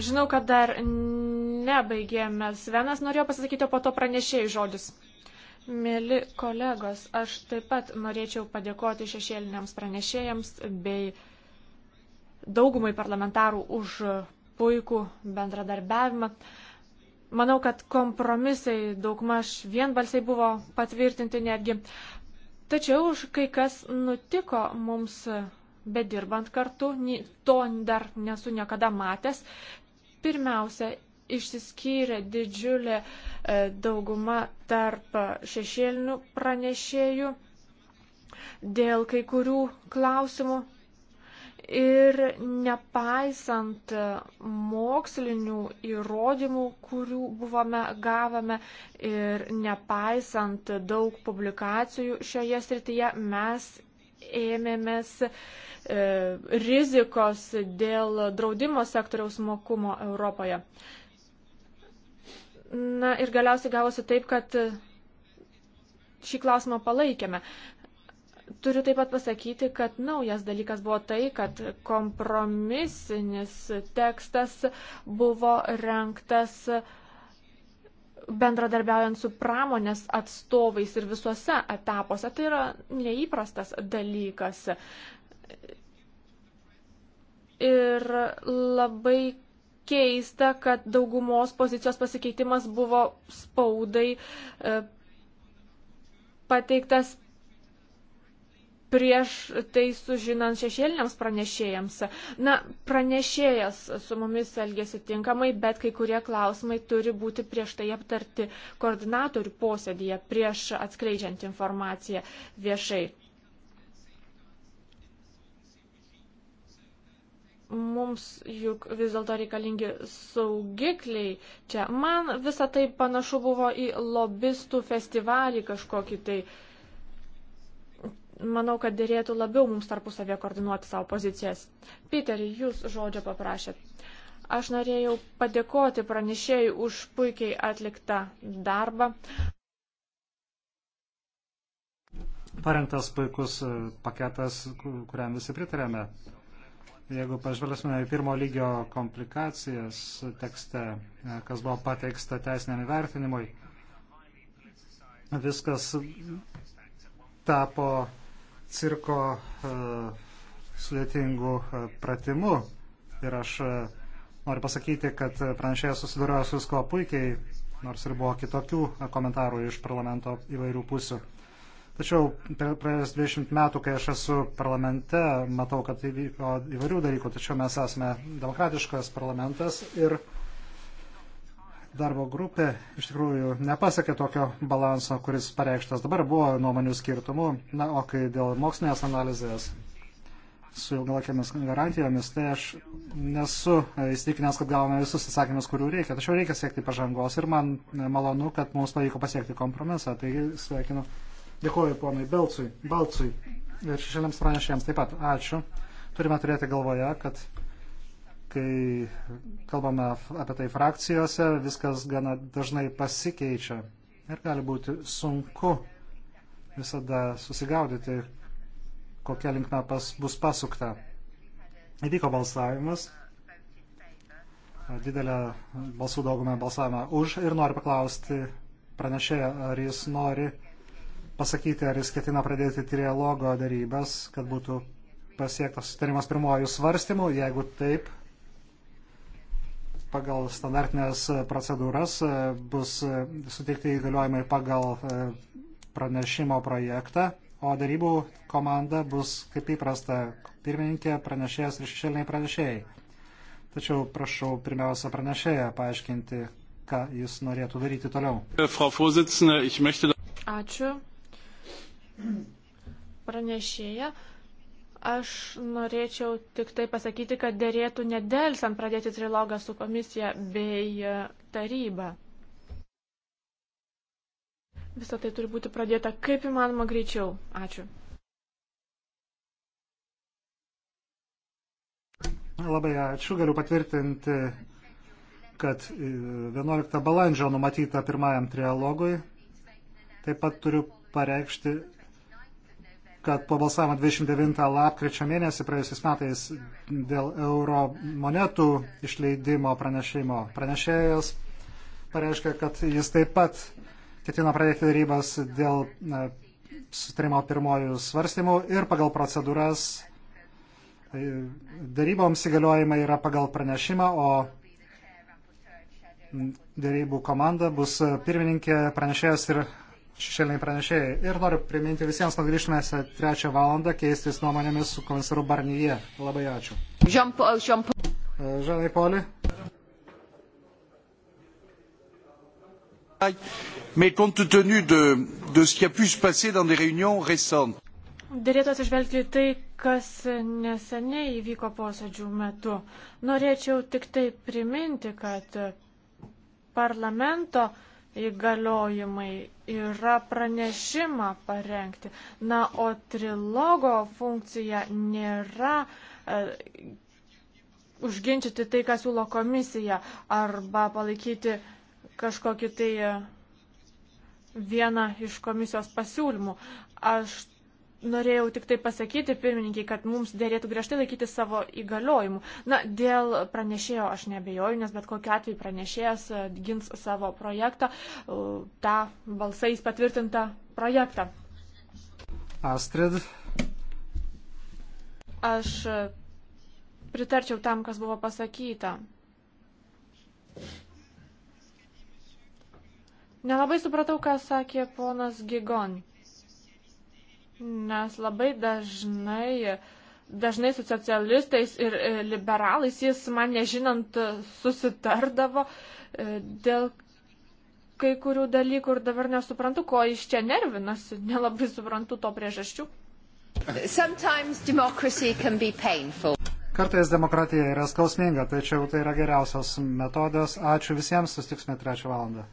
Žinau, kad dar nebaigėme. Svenas norėjo pasakyti, o po to pranešėjai žodis. Mėly kolegos, aš taip pat norėčiau padėkoti šešėliniams pranešėjams bei daugumai parlamentarų už puikų bendradarbiavimą. Manau, kad kompromisai daugmaž vienbalsiai buvo patvirtinti netgi. Tačiau kai kas nutiko mums bedirbant kartu, to dar nesu niekada matęs. Pirmiausia, išsiskyrė didžiulė e, dauguma tarp šešėlinių pranešėjų dėl kai kurių klausimų. Ir nepaisant mokslinių įrodymų, kurių buvome gavome, ir nepaisant daug publikacijų šioje srityje, mes ėmėmės e, rizikos dėl draudimo sektoriaus mokumo Europoje. E, Na ir galiausiai gavosi taip, kad e, šį klausimą palaikėme. Turiu taip pat pasakyti, kad naujas dalykas buvo tai, kad kompromisinis tekstas buvo renktas bendradarbiaujant su pramonės atstovais ir visuose etapuose. Tai yra neįprastas dalykas. Ir labai keista, kad daugumos pozicijos pasikeitimas buvo spaudai e, pateiktas prieš tai sužinant šešėliniams pranešėjams. Na, pranešėjas su mumis elgėsi tinkamai, bet kai kurie klausimai turi būti prieš tai aptarti koordinatorių posėdėje, prieš atskleidžiant informaciją viešai. mums juk vis dėlto reikalingi saugikliai. Čia man visą tai panašu buvo į lobistų festivalį kažkokį tai. Manau, kad dėrėtų labiau mums tarpusavė koordinuoti savo pozicijas. Piterį, jūs žodžio paprašėt. Aš norėjau padėkoti pranešėjai už puikiai atliktą darbą. Parengtas puikus e, paketas, kuriam visi pritarėme. Jeigu pažvelgsime į pirmo lygio komplikacijas tekste, e, kas buvo pateiksta teisiniam įvertinimui, viskas tapo cirko uh, e, sudėtingų uh, e, pratimų. Ir aš uh, noriu pasakyti, kad pranešėjas susidūrėjo su visko puikiai, nors ir buvo kitokių komentarų iš parlamento įvairių pusių. Tačiau per praėjus 20 metų, kai aš esu parlamente, matau, kad įvyko įvairių dalykų, tačiau mes esame demokratiškas parlamentas ir darbo grupė iš tikrųjų nepasakė tokio balanso, kuris pareikštas dabar buvo nuomonių skirtumų. Na, o kai dėl mokslinės analizės su ilgalakėmis garantijomis, tai aš nesu įstikinęs, kad gavome visus atsakymus, kurių reikia. Tačiau reikia siekti pažangos ir man malonu, kad mums pavyko pasiekti kompromisą. Taigi sveikinu Dėkuoju ponui Belcui, Balcui ir šešėliams pranešėjams taip pat. Ačiū. Turime turėti galvoje, kad kai kalbame apie tai frakcijose, viskas gana dažnai pasikeičia ir gali būti sunku visada susigaudyti, kokia linkme pas, bus pasukta. Įvyko balsavimas, didelę balsų daugumą balsavimą už ir noriu paklausti pranešėją, ar jis nori pasakyti, ar jis ketina pradėti trialogo darybas, kad būtų pasiektas sutarimas pirmojų svarstymų. Jeigu taip, pagal standartinės procedūras e, bus e, suteikti įgaliojimai pagal e, pranešimo projektą, o darybų komanda bus kaip įprasta pirmininkė, pranešėjas ir šešėliniai pranešėjai. Tačiau prašau pirmiausia pranešėją paaiškinti, ką jis norėtų daryti toliau. Ačiū pranešėja. Aš norėčiau tik tai pasakyti, kad dėrėtų nedelsant pradėti trilogą su komisija bei e, taryba. Visą tai turi būti pradėta kaip įmanoma greičiau. Ačiū. Labai ačiū. Galiu patvirtinti, kad 11 e, balandžio numatyta pirmajam trialogui. Taip pat turiu pareikšti kad po balsavimo 29 lapkričio mėnesį praėjusiais metais dėl euro monetų išleidimo pranešimo pranešėjas pareiškia, kad jis taip pat ketina pradėti darybas dėl sutarimo pirmojų svarstymų ir pagal procedūras e, daryboms įgaliojimai yra pagal pranešimą, o darybų komanda bus pirmininkė, pranešėjas ir šešėliniai pranešėjai. Ir noriu priminti visiems, kad grįžtume trečią valandą keistis nuomonėmis su komisaru Barnyje. Labai ačiū. E, Žanai Poli. Mais compte tenu de, de ce qui a pu se passer dans des réunions récentes. Dėlėtų atsižvelgti tai, kas neseniai įvyko posėdžių metu. Norėčiau tik tai priminti, kad parlamento uh, įgaliojimai yra pranešimą parengti. Na, o trilogo funkcija nėra e, užginčyti tai, ką siūlo komisija, arba palaikyti kažkokį tai e, vieną iš komisijos pasiūlymų. Aš norėjau tik tai pasakyti pirmininkiai, kad mums dėlėtų griežtai laikyti savo įgaliojimų. Na, dėl pranešėjo aš nebejoju, nes bet kokiu atveju pranešėjas e, gins savo projektą, e, tą balsais patvirtintą projektą. Astrid. Aš e, pritarčiau tam, kas buvo pasakyta. Nelabai supratau, ką sakė ponas Gigon. Nes labai dažnai, dažnai su socialistais ir e, liberalais jis man nežinant e, susitardavo e, dėl kai kurių dalykų ir dabar nesuprantu, ko iš čia nervinasi, nelabai suprantu to priežasčių. Kartais demokratija yra skausminga, tačiau tai yra geriausias metodas. Ačiū visiems, sustiksime trečią valandą.